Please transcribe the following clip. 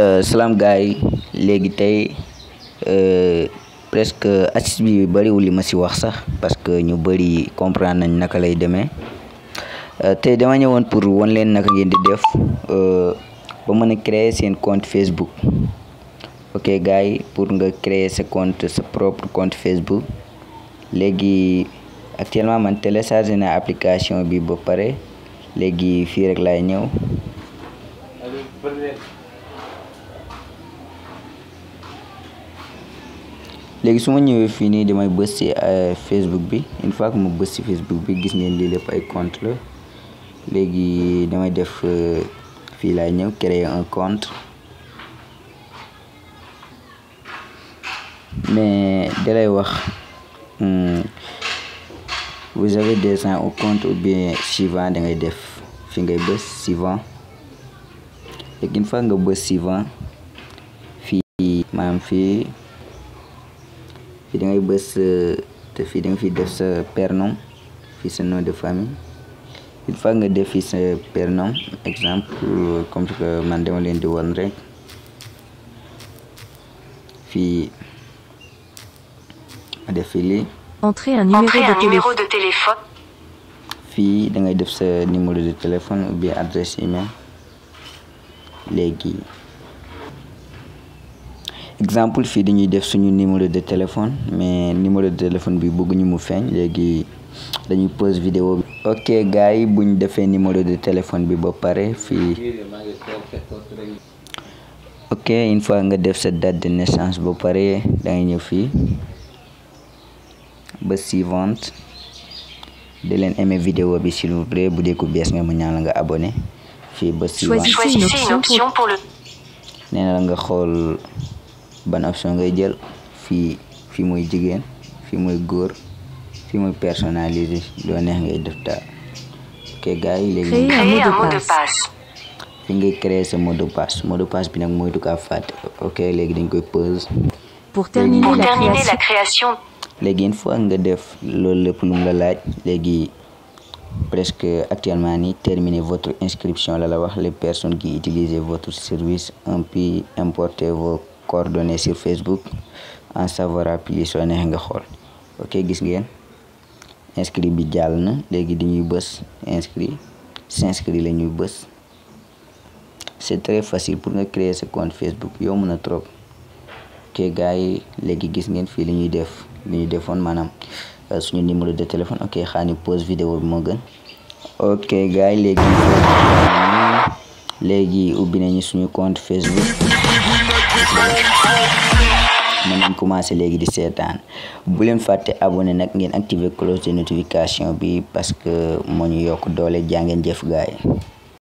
Euh, salaam gaay léegi tey euh, presque astuce bi bëriwul li ma si wax sax parce que ñu bëri comprendre nañ naka lay demee euh, tey dama woon pour won leen naka ngeen di def ba mën a créer seen compte Facebook ok gaay pour nga créer sa compte sa propre compte Facebook léegi actuellement man téléchargé na application bi ba pare léegi fii rek laay ñëw léegi su ma ñëwee fii nii damay bës ci euh, Facebook bi une fois que ma bës ci Facebook bi gis ngeen lii lépp ay compte la léegi damay def euh, fii laay ñëw créer un compte mais dalay wax hmm, vous avez des gens au compte ou bien suivant da ngay def fi ngay bës suivant léegi une fois nga bës suivant fii maanaam fii fii da ngay bës euh, te fii da nga fi def sa prénom fii sa nom de famille une fois nga def fii sa prénom exemple comme que man dama leen di wan rek fii ma def fii lii. entrer un numéro de téléphone. fii da def sa numéro de téléphone ubi bien adresse email léegi. exemple fii dañuy def suñu numéro de téléphone mais numéro de téléphone bi bëgguñu mu feeñ léegi dañuy pause vidéo bi ok gars yi buñ defee numéro de téléphone bi ba pare fii ok une nga def sa date de naissance ba pare da ngay ñëw fii ba suivante di leen aimé vidéo bi s'il vous bu dee ku bees nga mu la nga abonné fii ba suivante nee la nga xool ban option ngay jël fii fii mooy jigéen fii mooy góor fii mooy personnalisé loo neex ngay def daal ok gars yi léegi fi ngay créer sa mot de passe mot de passe bi nag mooy du kaa fàtte ok léegi dañ koy pause pour terminer la léegi une fois nga def loolu lépp lu la laaj léegi presque actuellement ni terminez votre inscription la la wax les personnes qui utilisent votre service un puis importez vos coordonnées sur Facebook en savoir plus soo neexee nga xool ok gis ngeen inscrit bi jàll na léegi di ñuy bës inscrit s'inscrit la ñuy bës c'est très facile pour nga créer sa compte Facebook yomb na trop ok gars yi léegi gis ngeen fii li ñuy def li ñuy defoon maanaam euh, suñu numéro de téléphone ok xaani pause vidéo bi moo gën ok gars léegi léegi ubbi nañu suñu compte Facebook mën nañ commencé léegi di seetaan bu leen fàtte abonné nag ngeen activer cloche de notification bi parce que moo ñu yokk doole jàngeen jëf gaay